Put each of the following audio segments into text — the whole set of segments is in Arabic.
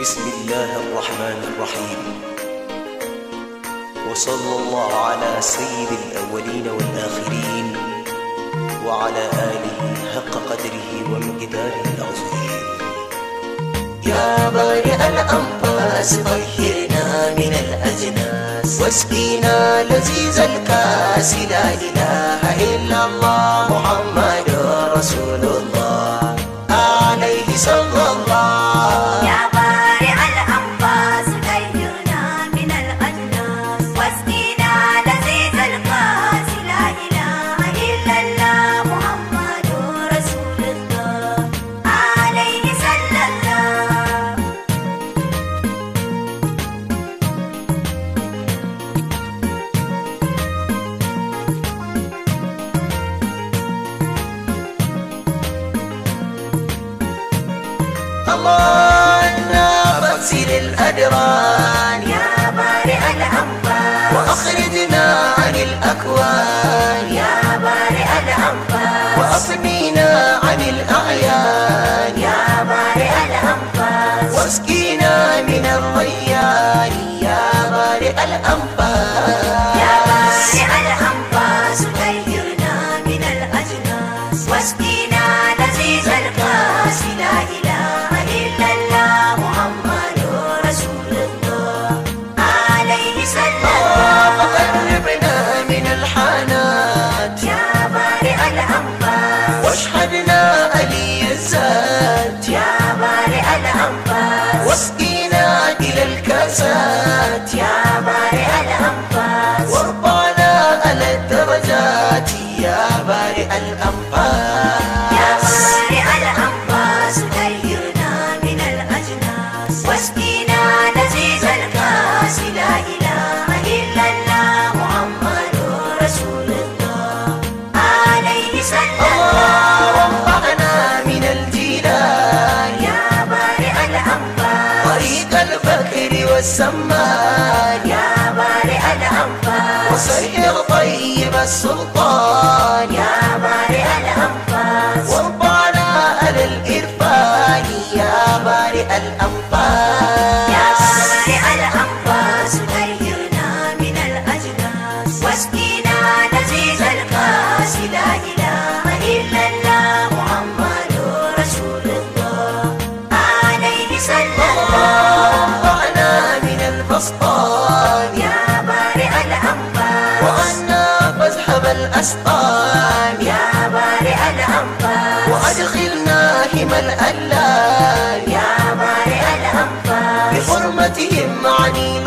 بسم الله الرحمن الرحيم وصلى الله على سيد الأولين والآخرين وعلى آله حق قدره ومقداره العظيم يا بارئ الأنفاس طهرنا من الأجناس واسقينا لذيذ الكاس لا إله إلا الله محمد رسول الله محسن الأدران يا بارئ الأنفاس وأخرجنا عن الأكوان يا بارئ الأنفاس وأصمينا عن الأعيان يا بارئ الأنفاس واسقينا من الريان يا sama ya bari al-anfas wa sayyir tayyib as-sultan وأنا فازحب الأسطان يا بارئ الأنفاس وأدخلنا هم الألام يا بارئ الأنفاس بحرمتهم عنينا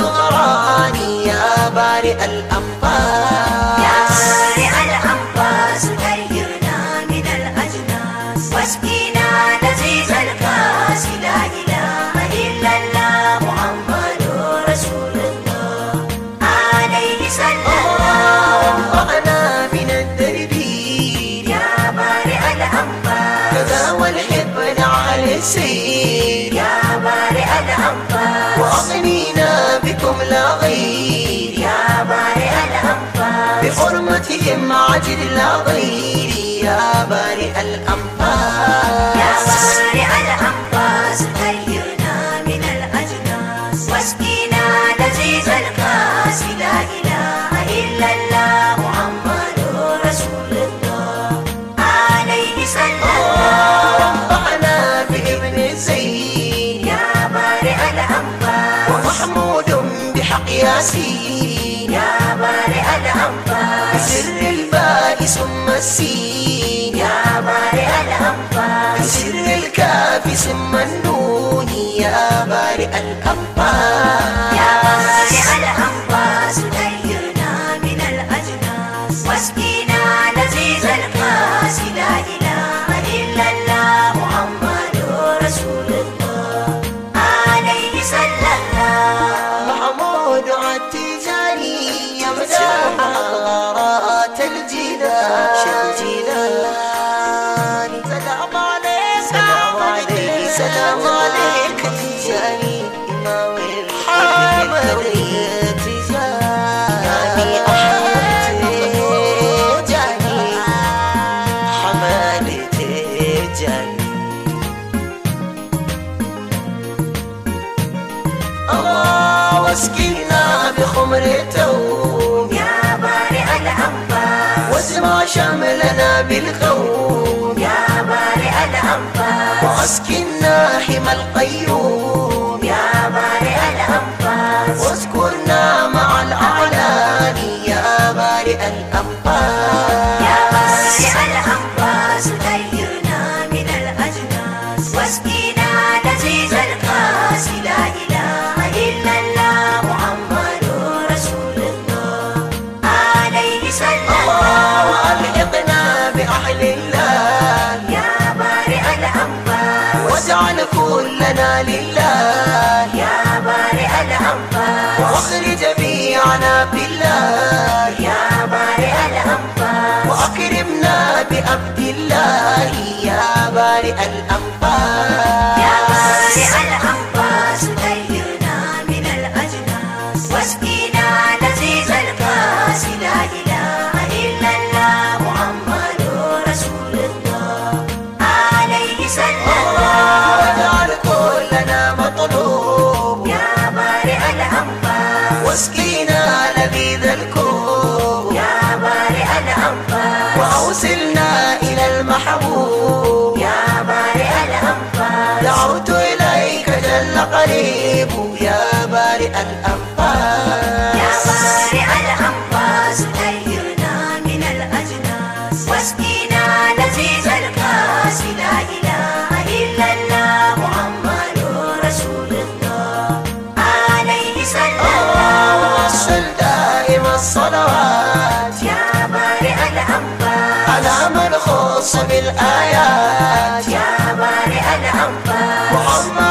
وأغنينا بكم لا غير يا بارئ الأنفاس بحرمتهم عجل لا غير يا بارئ الأمطار ياسين يا بارئ الأنفاس سر الباقي ثم السين يا بارئ الأنفاس سر الكافي ثم النون يا بارئ الأنفاس يا بارئ الأنفاس نيرنا من الأجناس واسقينا لذيذ الله بخمر بخمرته يا بارئ الأنفاس واسمع شملنا بالقوم يا بارئ الأنفاس واسقينا حمى القيوم يا بارئ الأنفاس واذكرنا مع الأعلان يا بارئ الأنفاس يا بارئ الأنفاس غيرنا من الأجناس واسقينا لذيذ القاس لا إله نجعل كلنا لله يا بارئ الأنفاس واخر جميعنا بالله يا بارئ الأنفاس وأكرمنا بأبد الله وصلنا إلى المحبوب يا بارئ الأنفاس دعوت إليك جل قريب يا بارئ الأنفاس القصص الآيات يا بارئ الأنفاس محمد